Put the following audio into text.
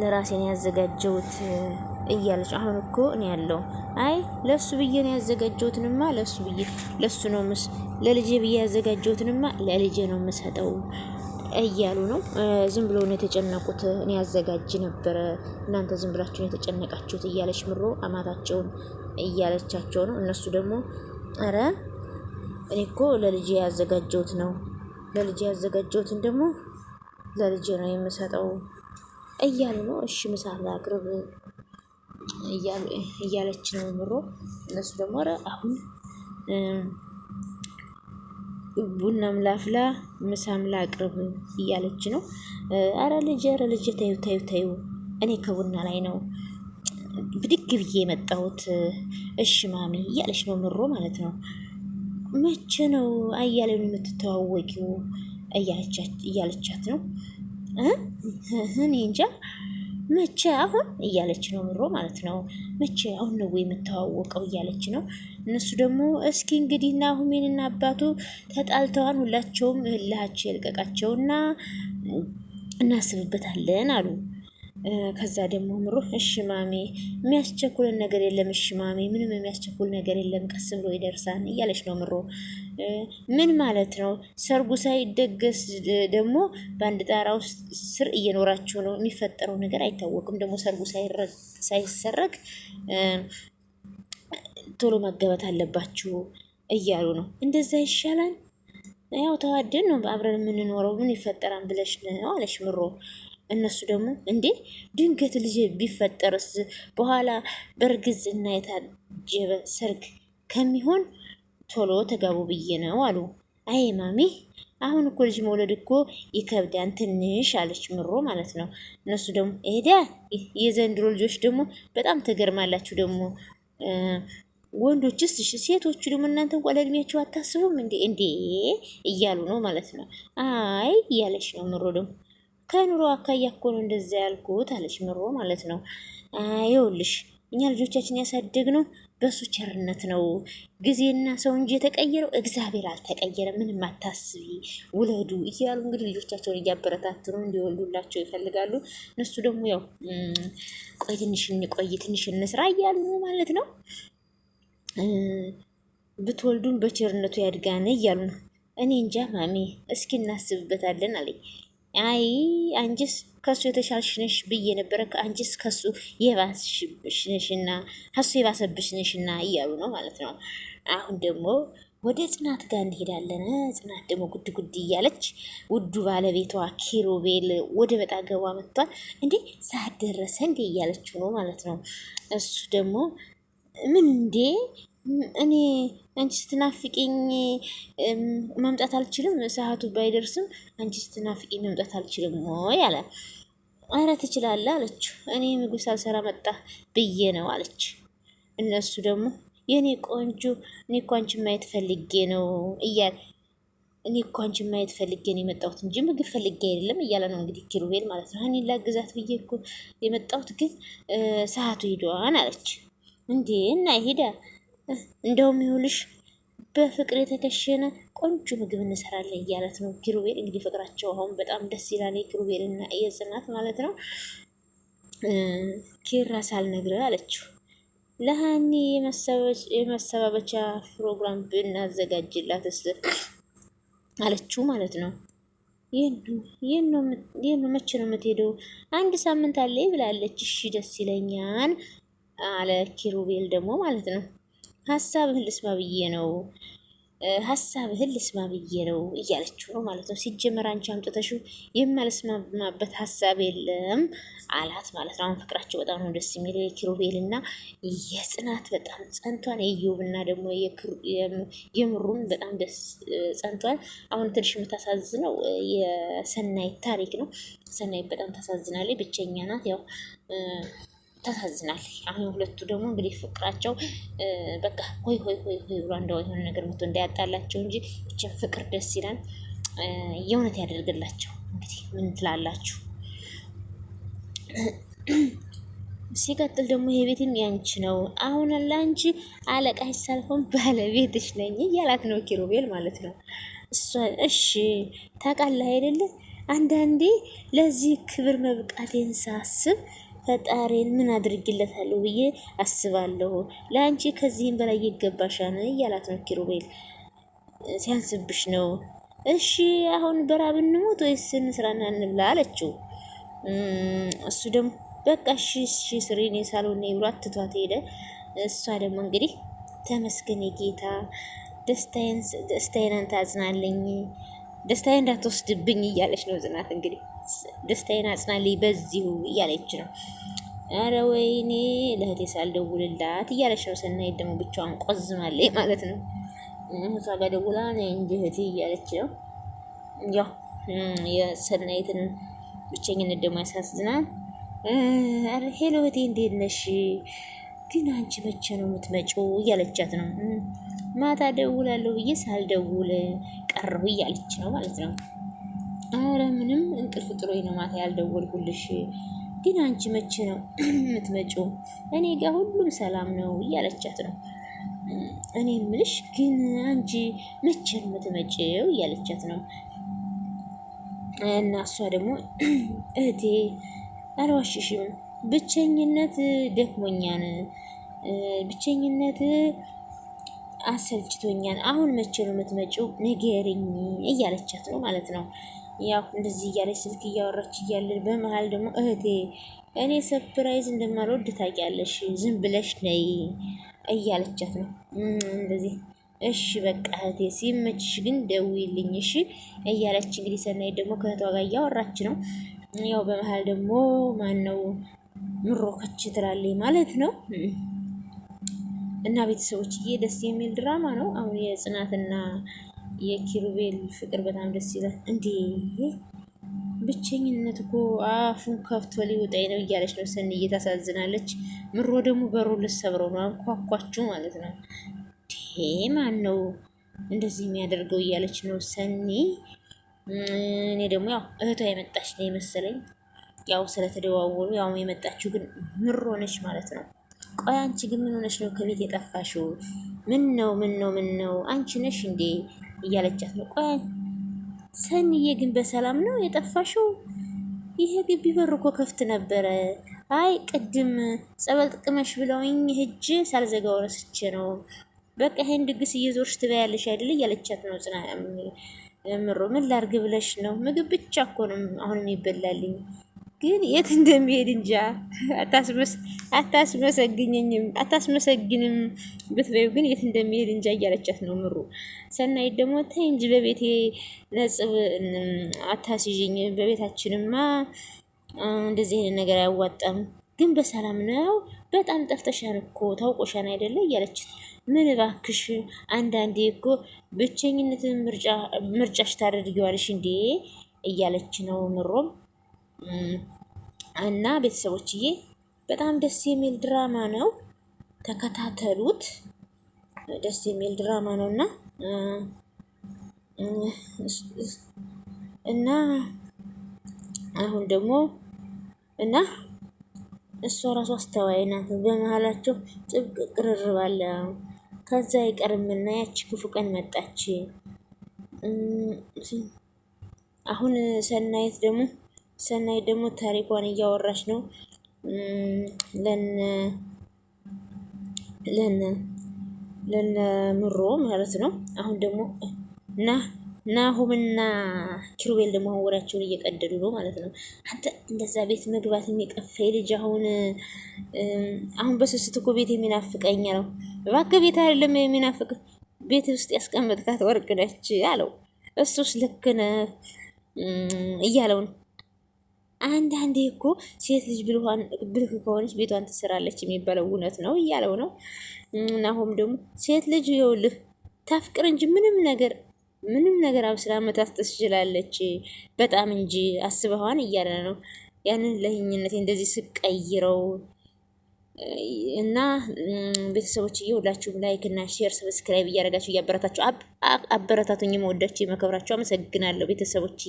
ለራሴን ያዘጋጀሁት እያለች አሁን እኮ እኔ ያለው አይ ለሱ ብዬ ነው ያዘጋጀሁትንማ ለሱ ብዬ ለሱ ነው ምስ ለልጄ ብዬ ያዘጋጀሁትንማ ለልጄ ነው የምሰጠው እያሉ ነው። ዝም ብሎ ነው የተጨነቁት። እኔ ያዘጋጅ ነበረ እናንተ ዝም ብላችሁ ነው የተጨነቃችሁት እያለች ምሮ አማታቸውን እያለቻቸው ነው። እነሱ ደግሞ አረ እኔ እኮ ለልጄ ያዘጋጀሁት ነው ለልጄ ያዘጋጀሁትን ደግሞ ለልጄ ነው የምሰጠው እያሉ ነው። እሺ ምሳ ላቅርብ እያለች ነው ምሮ። እነሱ ደግሞ ኧረ አሁን ቡናም ላፍላ ምሳም ላቅርብ እያለች ነው። አረ ልጄ፣ አረ ልጄ፣ ተዩ፣ ተዩ፣ ተዩ። እኔ ከቡና ላይ ነው ብድግ ብዬ የመጣሁት። እሺ ማሚ እያለች ነው ምሮ ማለት ነው። መቼ ነው አያሌውን የምትተዋወቂው? እያለቻት ነው እኔ እንጃ መቼ አሁን እያለች ነው ምሮ ማለት ነው። መቼ አሁን ነው የምተዋወቀው እያለች ነው። እነሱ ደግሞ እስኪ እንግዲህ ናሁሜን እና አባቱ ተጣልተዋል፣ ሁላቸውም እልሃቸው የልቀቃቸውና እናስብበታለን አሉ። ከዛ ደግሞ ምሩ እሽማሜ የሚያስቸኩልን ነገር የለም፣ እሽማሜ ምንም የሚያስቸኩል ነገር የለም፣ ቀስ ብሎ ይደርሳን እያለች ነው ምሩ። ምን ማለት ነው? ሰርጉ ሳይደገስ ደግሞ በአንድ ጣራ ውስጥ ስር እየኖራችሁ ነው። የሚፈጠረው ነገር አይታወቅም። ደግሞ ሰርጉ ሳይሰረግ ቶሎ መገበት አለባችሁ እያሉ ነው። እንደዛ ይሻላል። ያው ተዋደን ነው አብረን የምንኖረው ምን ይፈጠራል ብለሽ ነው አለሽ ምሮ እነሱ ደግሞ እንዴ ድንገት ልጅ ቢፈጠርስ በኋላ በእርግዝና የታጀበ ሰርግ ከሚሆን ቶሎ ተጋቡ ብዬ ነው አሉ። አይ ማሚ፣ አሁን እኮ ልጅ መውለድ እኮ ይከብዳን ትንሽ አለች ምሮ ማለት ነው። እነሱ ደግሞ ሄዳ የዘንድሮ ልጆች ደግሞ በጣም ተገርማላችሁ ደግሞ ወንዶችስ እሺ፣ ሴቶቹ ደግሞ እናንተ እንኳ ለእድሜያቸው አታስቡም እንዴ እንዴ እያሉ ነው ማለት ነው። አይ እያለች ነው ምሮ ደግሞ ከኑሮ አካያ እኮ ነው እንደዛ ያልኩት አለች ምሮ ማለት ነው። ይኸውልሽ እኛ ልጆቻችን ያሳደግነው በሱ ቸርነት ነው። ጊዜና ሰው እንጂ የተቀየረው እግዚአብሔር አልተቀየረ። ምንም አታስቢ፣ ውለዱ እያሉ እንግዲህ ልጆቻቸውን እያበረታቱ ነው፣ እንዲወልዱላቸው ይፈልጋሉ። እነሱ ደግሞ ያው ቆይ ትንሽ እንቆይ፣ ትንሽ እንስራ እያሉ ነው ማለት ነው። ብትወልዱን በቸርነቱ ያድጋነ እያሉ ነው። እኔ እንጃ ማሜ፣ እስኪ እናስብበታለን አለኝ አይ አንቺስ ከሱ የተሻልሽ ነሽ ብዬ ነበረ። አንቺስ ከሱ የባስሽ ነሽና ከሱ የባሰብሽ ነሽና እያሉ ነው ማለት ነው። አሁን ደግሞ ወደ ጽናት ጋር እንሄዳለን። ጽናት ደግሞ ጉድ ጉድ እያለች ውዱ ባለቤቷ ኪሩቤል ወደ በጣ ገባ መጥቷል። እንዴ ሳደረሰ እንዴ እያለችው ነው ማለት ነው። እሱ ደግሞ ምን እንዴ እኔ አንቺ ስትናፍቂኝ መምጣት አልችልም፣ ሰዓቱ ባይደርስም አንቺ ስትናፍቂኝ መምጣት አልችልም ወይ አለ። አረ ትችላለህ አለችው። እኔ ምግብ ሳልሰራ መጣ ብዬ ነው አለች። እነሱ ደግሞ የእኔ ቆንጆ እኔ እኮ አንቺን ማየት ፈልጌ ነው እያለ እኔ እኮ አንቺን ማየት ፈልጌ ነው የመጣሁት እንጂ ምግብ ፈልጌ አይደለም እያለ ነው እንግዲህ ኪሩቤል ማለት ነው። እኔን ላግዛት ብዬ እኮ የመጣሁት ግን ሰዓቱ ሂዷን አለች። እንዴ እና ይሄዳ እንደውም ይኸውልሽ በፍቅር የተከሸነ ቆንጆ ምግብ እንሰራለን እያለት ነው ኪሩቤል። እንግዲህ ፍቅራቸው አሁን በጣም ደስ ይላል፣ የኪሩቤል እና የጽናት ማለት ነው። ኪራ ሳልነግርህ አለችው ለሀኒ የመሰባበቻ ፕሮግራም ብናዘጋጅላት ስ አለችው ማለት ነው። ይህኑ መቼ ነው የምትሄደው? አንድ ሳምንት አለ ብላለች። እሺ ደስ ይለኛል አለ ኪሩቤል ደግሞ ማለት ነው። ሀሳብህን ልስማ ብዬ ነው ሀሳብህን ልስማ ብዬ ነው እያለችው ነው ማለት ነው። ሲጀመር አንቺ አምጥተሽው የማልስማማበት ሀሳብ የለም አላት ማለት ነው። አሁን ፍቅራቸው በጣም ነው ደስ የሚለው የኪሩቤል እና የጽናት በጣም ጸንቷን፣ የኢዮብና ደግሞ የምሩም በጣም ደስ ጸንቷን። አሁን ትንሽ የምታሳዝነው የሰናይት ታሪክ ነው። ሰናይት በጣም ታሳዝናለች፣ ብቸኛ ናት ያው ተሳዝናል። አሁን ሁለቱ ደግሞ እንግዲህ ፍቅራቸው በቃ ሆይ ሆይ ሆይ ሆይ ብሎ እንደው የሆነ ነገር መቶ እንዳያጣላቸው እንጂ እችን ፍቅር ደስ ይላል። የእውነት ያደርግላቸው። እንግዲህ ምን ትላላችሁ? ሲቀጥል ደግሞ ይሄ ቤትም ያንቺ ነው፣ አሁን ላንቺ አለቃሽ ሳልሆን ባለቤትሽ ነኝ እያላት ነው ኪሩቤል ማለት ነው። እሷ እሺ ታውቃለህ አይደለ አንዳንዴ ለዚህ ክብር መብቃቴን ሳስብ ፈጣሪን ምን አድርግለታለሁ ብዬ አስባለሁ። ለአንቺ ከዚህም በላይ ይገባሻል እያላት ነው። ኪሩቤል ሲያንስብሽ ነው። እሺ አሁን በራብ እንሞት ወይስ እንስራና እንብላ አለችው። እሱ ደግሞ በቃ እሺ እሺ ስሪ እኔ ሳሎን ብሎ አትቷት ሄደ። እሷ ደግሞ እንግዲህ ተመስገን የጌታ ደስታዬን አንተ አዝናለኝ፣ ደስታዬ እንዳትወስድብኝ እያለች ነው ጽናት እንግዲህ ደስታዬን አጽናልኝ በዚሁ እያለች ነው። አረ ወይኔ ለእህቴ ሳልደውልላት እያለች ነው። ሰናይት ደግሞ ብቻዋን ቆዝማለች ማለት ነው። እህቷ ጋር ደውላ ነይ እንጂ እህቴ እያለች ነው። ያው የሰናይትን ብቸኝነት ደግሞ ያሳዝናል። አረ ሄሎ እህቴ እንዴት ነሽ? ግን አንቺ መቼ ነው የምትመጪው? እያለቻት ነው። ማታ ደውላለሁ ብዬ ሳልደውል ቀረሁ እያለች ነው ማለት ነው። አረ ምንም እንቅልፍ ጥሮኝ ነው ማታ ያልደወልኩልሽ። ግን አንቺ መቼ ነው የምትመጪው? እኔ ጋር ሁሉም ሰላም ነው እያለቻት ነው። እኔ የምልሽ ግን አንቺ መቼ ነው የምትመጪው? እያለቻት ነው። እና እሷ ደግሞ እህቴ አልዋሽሽም፣ ብቸኝነት ደክሞኛን፣ ብቸኝነት አሰልችቶኛን፣ አሁን መቼ ነው የምትመጪው? ንገሪኝ እያለቻት ነው ማለት ነው። ያው እንደዚህ እያለች ስልክ እያወራች እያለ በመሀል ደግሞ እህቴ እኔ ሰፕራይዝ እንደማልወድ ታውቂያለሽ፣ ዝም ብለሽ ነይ እያለቻት ነው እንደዚህ እሺ በቃ እህቴ ሲመችሽ ግን ደውዪልኝ እሺ እያለች እንግዲህ ሰናይት ደግሞ ከእህቷ ጋር እያወራች ነው። ያው በመሀል ደግሞ ማነው ምሮከች ትላለች ማለት ነው። እና ቤተሰቦችዬ ደስ የሚል ድራማ ነው አሁን የጽናትና የኪሩቤል ፍቅር በጣም ደስ ይላል። እንዴ ብቸኝነት እኮ አፉን ከፍቶ ሊውጣኝ ነው እያለች ነው ሰንዬ፣ እየታሳዝናለች። ምሮ ደግሞ በሩ ልሰብረው ነው አንኳኳችሁ ማለት ነው። ማን ነው እንደዚህ የሚያደርገው እያለች ነው ሰኒ። እኔ ደግሞ ያው እህቷ የመጣች ነው የመሰለኝ ያው ስለተደዋወሉ ያው የመጣችው ግን ምሮ ነች ማለት ነው። ቆይ አንቺ ግን ምን ሆነሽ ነው ከቤት የጠፋሽው? ምን ነው ምን ነው ምን ነው አንቺ ነሽ እንዴ እያለቻት ነው። ቆይ ሰንዬ ግን በሰላም ነው የጠፋሽው? ይሄ ግቢ በር እኮ ከፍት ነበረ። አይ ቅድም ጸበል ጥቅመሽ ብለውኝ ሂጅ ሳልዘጋው ረስቼ ነው። በቃ ይሄን ድግስ እየዞርሽ ትበያለሽ አይደል? እያለቻት ነው ጽና ምሮ ምን ላርግ ብለሽ ነው? ምግብ ብቻ እኮ ነው አሁን የሚበላልኝ ግን የት እንደሚሄድ እንጃ። አታስመሰግኝም አታስመሰግንም ብትበዩ ግን የት እንደሚሄድ እንጃ እያለቻት ነው ምሩ። ሰናይት ደግሞ ተይ እንጂ በቤቴ ነጽብ አታስይዥኝ፣ በቤታችንማ እንደዚህ አይነት ነገር አያዋጣም። ግን በሰላም ነው። በጣም ጠፍተሻን እኮ ታውቆሻን አይደለ እያለችት ምን እባክሽ፣ አንዳንዴ እኮ ብቸኝነትን ምርጫሽ ታደርጊዋለሽ እንዴ እያለች ነው ምሮም እና ቤተሰቦችዬ በጣም ደስ የሚል ድራማ ነው። ተከታተሉት። ደስ የሚል ድራማ ነው እና እና አሁን ደግሞ እና እሷ ራሱ አስተዋይ ናት። በመሀላቸው ጥብቅ ቅርርብ አለ። ከዛ ይቀርምና ያቺ ክፉ ቀን መጣች። አሁን ሰናየት ደግሞ ሰናይ ደግሞ ታሪኳን እያወራች ነው ለነ ምሮ ማለት ነው። አሁን ደግሞ ና ናሁምና ኪሩቤል ደግሞ አሁን ወሬያቸውን እየቀደዱ ነው ማለት ነው። አንተ እንደዛ ቤት መግባት የሚቀፈ ልጅ አሁን አሁን በስስት እኮ ቤት የሚናፍቀኝ ነው። እባክህ ቤት አይደለም የሚናፍቅ ቤት ውስጥ ያስቀመጥካት ወርቅ ነች አለው። እሱስ ልክ ነህ እያለው ነው አንዳንዴ እኮ ሴት ልጅ ብልህ ከሆነች ቤቷን ትሰራለች የሚባለው እውነት ነው እያለው ነው። እናሁም ደግሞ ሴት ልጅ ይኸውልህ ታፍቅር እንጂ ምንም ነገር ምንም ነገር አብስራ መታስጠስ ትችላለች በጣም እንጂ አስበኋን እያለ ነው። ያንን ለህኝነት እንደዚህ ስቀይረው እና ቤተሰቦች እየሁላችሁም ላይክ እና ሼር ሰብስክራይብ እያደረጋችሁ እያበረታችሁ አበረታቱኝ። መወዳችሁ የመከብራችሁ አመሰግናለሁ ቤተሰቦች።